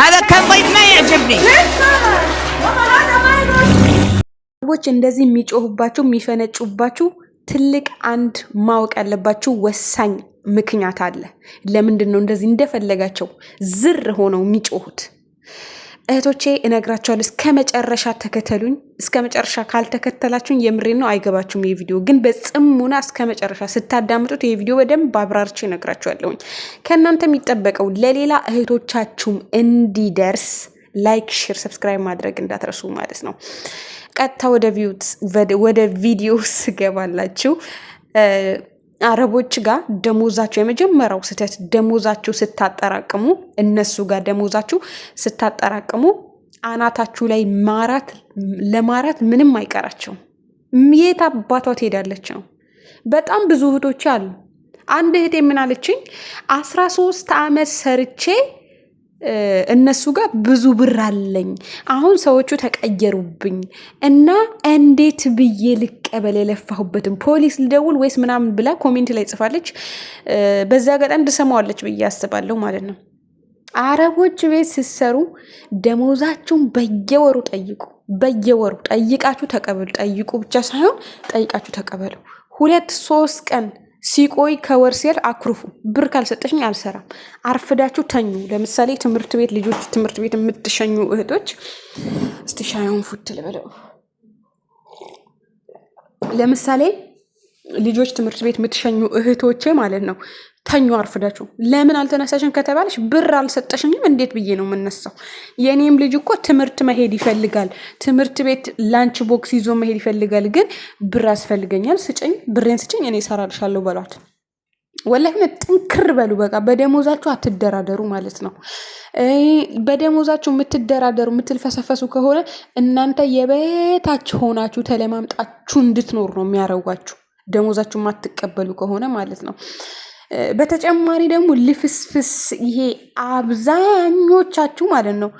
هذا كان ضيف يعجبني ሰዎች እንደዚህ የሚጮሁባችሁ የሚፈነጩባችሁ ትልቅ አንድ ማወቅ ያለባችሁ ወሳኝ ምክንያት አለ። ለምንድን ነው እንደዚህ እንደፈለጋቸው ዝር ሆነው የሚጮሁት? እህቶቼ እነግራቸዋል። እስከ መጨረሻ ተከተሉኝ። እስከ መጨረሻ ካልተከተላችሁኝ የምሬ ነው አይገባችሁም። ይህ ቪዲዮ ግን በጽሙና እስከ መጨረሻ ስታዳምጡት ይህ ቪዲዮ በደንብ አብራርቼ እነግራቸዋለሁኝ። ከእናንተ የሚጠበቀው ለሌላ እህቶቻችሁም እንዲደርስ ላይክ፣ ሼር፣ ሰብስክራይብ ማድረግ እንዳትረሱ ማለት ነው። ቀጥታ ወደ ቪዲዮ ስገባላችሁ አረቦች ጋር ደሞዛቸው የመጀመሪያው ስህተት ደሞዛችሁ ስታጠራቅሙ እነሱ ጋር ደሞዛችሁ ስታጠራቅሙ አናታችሁ ላይ ማራት ለማራት ምንም አይቀራቸውም። የት አባቷ ትሄዳለች ነው። በጣም ብዙ እህቶች አሉ። አንድ እህቴ ምን አለችኝ? አስራ ሶስት ዓመት ሰርቼ እነሱ ጋር ብዙ ብር አለኝ። አሁን ሰዎቹ ተቀየሩብኝ እና እንዴት ብዬ ልቀበል የለፋሁበትም ፖሊስ ልደውል ወይስ ምናምን ብላ ኮሜንት ላይ ጽፋለች። በዛ አጋጣሚ ትሰማዋለች ብዬ አስባለሁ ማለት ነው። አረቦች ቤት ስትሰሩ ደሞዛችሁን በየወሩ ጠይቁ። በየወሩ ጠይቃችሁ ተቀበሉ። ጠይቁ ብቻ ሳይሆን ጠይቃችሁ ተቀበሉ። ሁለት ሶስት ቀን ሲቆይ ከወር ሲል አኩርፉ። ብር ካልሰጠሽኝ አልሰራም። አርፍዳችሁ ተኙ። ለምሳሌ ትምህርት ቤት ልጆች ትምህርት ቤት የምትሸኙ እህቶች እስቲ ሻዩን ፉት ልበለው። ለምሳሌ ልጆች ትምህርት ቤት የምትሸኙ እህቶቼ ማለት ነው፣ ተኙ አርፍዳችሁ። ለምን አልተነሳሽም ከተባለሽ ብር አልሰጠሽኝም እንዴት ብዬ ነው የምነሳው? የእኔም ልጅ እኮ ትምህርት መሄድ ይፈልጋል። ትምህርት ቤት ላንች ቦክስ ይዞ መሄድ ይፈልጋል። ግን ብር ያስፈልገኛል፣ ስጭኝ፣ ብሬን ስጭኝ፣ እኔ እሰራልሻለሁ በሏት። ወላሂ ጥንክር በሉ። በቃ በደሞዛችሁ አትደራደሩ ማለት ነው። በደሞዛችሁ የምትደራደሩ የምትልፈሰፈሱ ከሆነ እናንተ የበታች ሆናችሁ ተለማምጣችሁ እንድትኖር ነው የሚያረጓችሁ። ደሞዛችሁ ማትቀበሉ ከሆነ ማለት ነው። በተጨማሪ ደግሞ ልፍስፍስ ይሄ አብዛኞቻችሁ ማለት ነው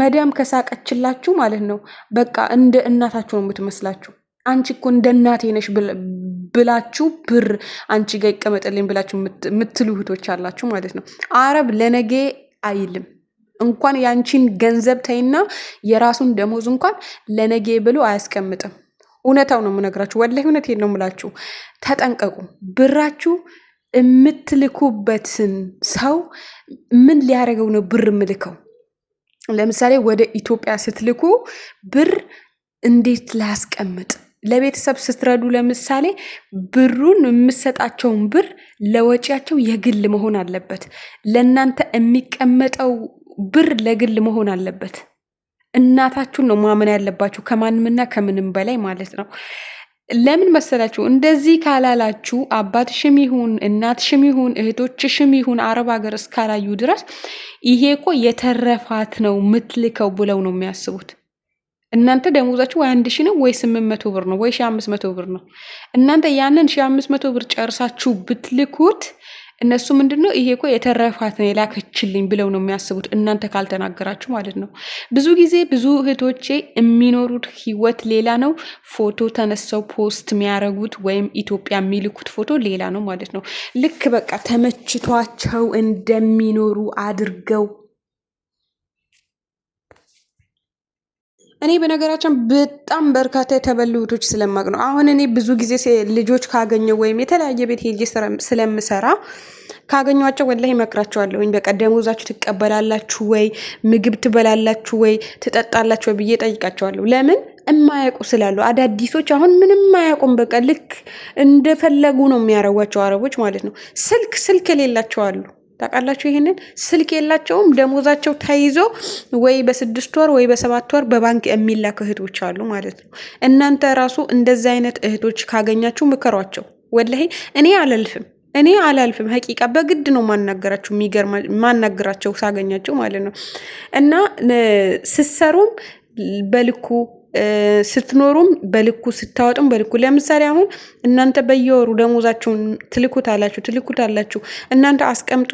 መዳም ከሳቀችላችሁ ማለት ነው በቃ እንደ እናታችሁ ነው የምትመስላችሁ። አንቺ እኮ እንደ እናቴ ነሽ ብላችሁ ብር አንቺ ጋር ይቀመጠልኝ ብላችሁ የምትሉ እህቶች አላችሁ ማለት ነው። አረብ ለነጌ አይልም። እንኳን የአንቺን ገንዘብ ተይና የራሱን ደሞዝ እንኳን ለነጌ ብሎ አያስቀምጥም። እውነታው ነው የምነግራችሁ። ወላሂ እውነቴን ነው የምላችሁ። ተጠንቀቁ። ብራችሁ የምትልኩበትን ሰው ምን ሊያደርገው ነው ብር የምልከው? ለምሳሌ ወደ ኢትዮጵያ ስትልኩ ብር እንዴት ላስቀምጥ ለቤተሰብ ስትረዱ ለምሳሌ ብሩን የምሰጣቸውን ብር ለወጪያቸው የግል መሆን አለበት። ለእናንተ የሚቀመጠው ብር ለግል መሆን አለበት። እናታችሁን ነው ማመን ያለባችሁ ከማንምና ከምንም በላይ ማለት ነው። ለምን መሰላችሁ? እንደዚህ ካላላችሁ አባትሽም ይሁን እናትሽም ይሁን እህቶችሽም ይሁን አረብ ሀገር እስካላዩ ድረስ ይሄ እኮ የተረፋት ነው ምትልከው ብለው ነው የሚያስቡት። እናንተ ደሞዛችሁ ወይ አንድ ሺ ነው ወይ ስምንት መቶ ብር ነው ወይ ሺ አምስት መቶ ብር ነው። እናንተ ያንን ሺ አምስት መቶ ብር ጨርሳችሁ ብትልኩት እነሱ ምንድን ነው ይሄ እኮ የተረፋት ነው የላከችልኝ ብለው ነው የሚያስቡት፣ እናንተ ካልተናገራችሁ ማለት ነው። ብዙ ጊዜ ብዙ እህቶቼ የሚኖሩት ህይወት ሌላ ነው። ፎቶ ተነሰው ፖስት የሚያረጉት ወይም ኢትዮጵያ የሚልኩት ፎቶ ሌላ ነው ማለት ነው። ልክ በቃ ተመችቷቸው እንደሚኖሩ አድርገው እኔ በነገራችን በጣም በርካታ የተበሉ እህቶች ስለማቅ ነው። አሁን እኔ ብዙ ጊዜ ልጆች ካገኘው ወይም የተለያየ ቤት ሄጄ ስለምሰራ ካገኟቸው ወላሂ እመክራቸዋለሁ። በቀደሙ ደመወዛችሁ ትቀበላላችሁ ወይ ምግብ ትበላላችሁ ወይ ትጠጣላችሁ ወይ ብዬ ጠይቃቸዋለሁ። ለምን እማያውቁ ስላሉ። አዳዲሶች አሁን ምንም አያውቁም። በቃ ልክ እንደፈለጉ ነው የሚያረጓቸው አረቦች ማለት ነው። ስልክ ስልክ የሌላቸው አሉ። ታውቃላችሁ ይሄንን ስልክ የላቸውም። ደሞዛቸው ተይዞ ወይ በስድስት ወር ወይ በሰባት ወር በባንክ የሚላክ እህቶች አሉ ማለት ነው። እናንተ ራሱ እንደዛ አይነት እህቶች ካገኛችሁ ምከሯቸው። ወላሂ እኔ አላልፍም እኔ አላልፍም። ሀቂቃ በግድ ነው ማናገራቸው ማናገራቸው ሳገኛቸው ማለት ነው። እና ስትሰሩም በልኩ ስትኖሩም በልኩ ስታወጡም በልኩ። ለምሳሌ አሁን እናንተ በየወሩ ደሞዛችሁን ትልኩታላችሁ ትልኩታላችሁ እናንተ አስቀምጡ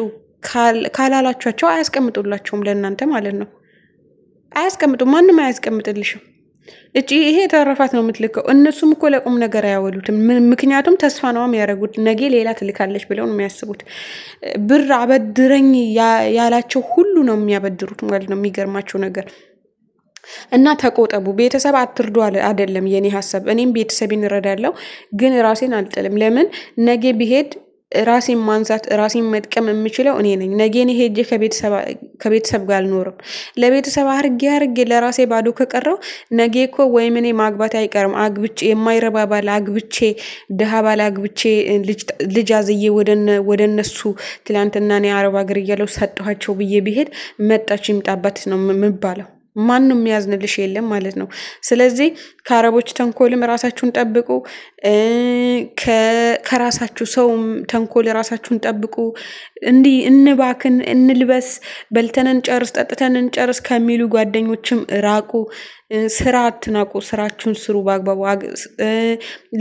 ካላላችኋቸው አያስቀምጡላቸውም ለእናንተ ማለት ነው። አያስቀምጡ ማንም አያስቀምጥልሽም። እጭ ይሄ የተረፋት ነው የምትልከው። እነሱም እኮ ለቁም ነገር አያወሉትም። ምክንያቱም ተስፋ ነው የሚያደርጉት ነገ ሌላ ትልካለች ብለው ነው የሚያስቡት። ብር አበድረኝ ያላቸው ሁሉ ነው የሚያበድሩት ማለት ነው። የሚገርማቸው ነገር እና ተቆጠቡ። ቤተሰብ አትርዱ አይደለም የኔ ሀሳብ። እኔም ቤተሰብ እረዳለሁ፣ ግን ራሴን አልጥልም። ለምን ነገ ቢሄድ ራሴን ማንሳት ራሴን መጥቀም የምችለው እኔ ነኝ። ነገን እኔ ሄጄ ከቤተሰብ ጋር አልኖርም። ለቤተሰብ አርጌ አርጌ ለራሴ ባዶ ከቀረው ነገ እኮ ወይም እኔ ማግባት አይቀርም አግብቼ የማይረባ ባል አግብቼ ድሃ ባል አግብቼ ልጅ አዝዬ ወደ እነሱ ትላንትና እኔ አረብ ሀገር እያለው ሰጠኋቸው ብዬ ብሄድ መጣች ይምጣባት ነው የምባለው። ማንም የሚያዝንልሽ የለም ማለት ነው። ስለዚህ ከአረቦች ተንኮልም ራሳችሁን ጠብቁ፣ ከራሳችሁ ሰውም ተንኮል ራሳችሁን ጠብቁ። እንዲህ እንባክን፣ እንልበስ፣ በልተን እንጨርስ፣ ጠጥተን እንጨርስ ከሚሉ ጓደኞችም ራቁ። ስራ አትናቁ፣ ስራችሁን ስሩ በአግባቡ።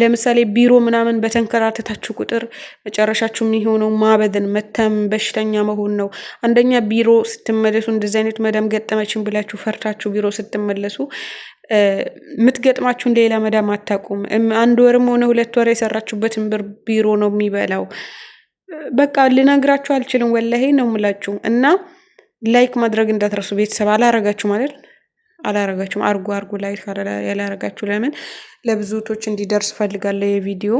ለምሳሌ ቢሮ ምናምን በተንከራተታችሁ ቁጥር መጨረሻችሁ የሚሆነው ማበድን፣ መተም፣ በሽተኛ መሆን ነው። አንደኛ ቢሮ ስትመለሱ እንደዚህ አይነት መደም ገጠመችን ብላችሁ ፈር ሰርታችሁ ቢሮ ስትመለሱ የምትገጥማችሁ ሌላ መዳም አታውቁም። አንድ ወርም ሆነ ሁለት ወር የሰራችሁበትን ብር ቢሮ ነው የሚበላው። በቃ ልነግራችሁ አልችልም። ወላሄ ነው የምላችሁ። እና ላይክ ማድረግ እንዳትረሱ ቤተሰብ። አላረጋችሁ ማለት አላረጋችሁም፣ አርጎ አርጎ ላይክ ያላረጋችሁ ለምን ለብዙቶች እንዲደርስ ፈልጋለሁ የቪዲዮ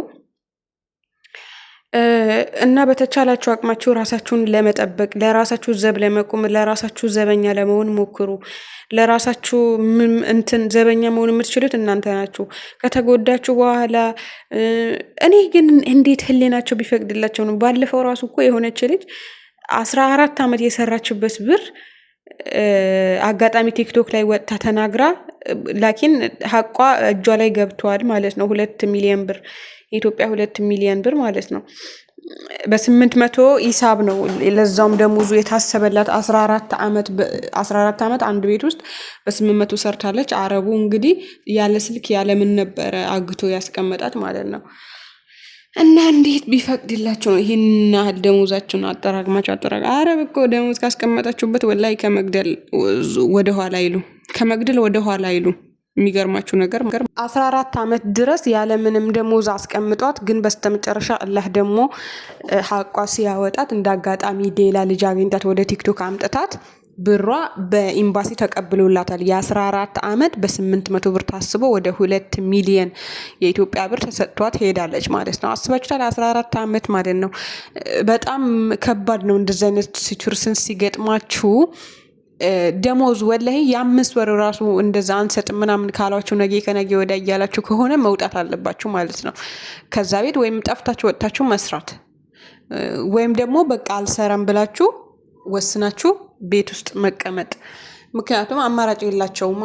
እና በተቻላችሁ አቅማችሁ ራሳችሁን ለመጠበቅ ለራሳችሁ ዘብ ለመቆም ለራሳችሁ ዘበኛ ለመሆን ሞክሩ። ለራሳችሁ እንትን ዘበኛ መሆን የምትችሉት እናንተ ናችሁ። ከተጎዳችሁ በኋላ እኔ ግን እንዴት ህሌናቸው ቢፈቅድላቸው ነው? ባለፈው ራሱ እኮ የሆነች ልጅ አስራ አራት ዓመት የሰራችበት ብር አጋጣሚ ቲክቶክ ላይ ወጥታ ተናግራ ላኪን ሀቋ እጇ ላይ ገብቷል ማለት ነው። ሁለት ሚሊዮን ብር የኢትዮጵያ ሁለት ሚሊዮን ብር ማለት ነው። በስምንት መቶ ሂሳብ ነው። ለዛውም ደሞዙ የታሰበላት አስራ አራት ዓመት አንድ ቤት ውስጥ በስምንት መቶ ሰርታለች። አረቡ እንግዲህ ያለ ስልክ ያለ ነበረ አግቶ ያስቀመጣት ማለት ነው። እና እንዴት ቢፈቅድላቸው ነው ይህን ያህል ደሞዛቸውን አጠራቅማቸው አጠራቅ አረብ እኮ ደሞዝ ካስቀመጣችሁበት ወላይ ከመግደል ወደኋላ ይሉ ከመግደል ወደኋላ ይሉ የሚገርማችሁ ነገር አስራ አራት ዓመት ድረስ ያለምንም ደሞዝ አስቀምጧት፣ ግን በስተመጨረሻ አላህ ደግሞ ሀቋ ሲያወጣት እንደ አጋጣሚ ሌላ ልጅ አግኝታት ወደ ቲክቶክ አምጥታት ብሯ በኤምባሲ ተቀብሎላታል። የአስራ የ14 አመት በስምንት መቶ ብር ታስቦ ወደ ሁለት ሚሊየን የኢትዮጵያ ብር ተሰጥቷት ሄዳለች ማለት ነው። አስባችሁታል? 14 ዓመት አመት ማለት ነው። በጣም ከባድ ነው። እንደዚህ አይነት ሲቹርሽን ሲገጥማችሁ ደሞዝ ወላሂ የአምስት ወር ራሱ እንደዛ አንሰጥም ምናምን ካሏችሁ ነገ ከነገ ወዲያ እያላችሁ ከሆነ መውጣት አለባችሁ ማለት ነው ከዛ ቤት ወይም ጠፍታችሁ ወጥታችሁ መስራት ወይም ደግሞ በቃ አልሰራም ብላችሁ ወስናችሁ ቤት ውስጥ መቀመጥ። ምክንያቱም አማራጭ የላቸውማ፣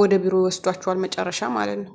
ወደ ቢሮ ይወስዷቸዋል መጨረሻ ማለት ነው።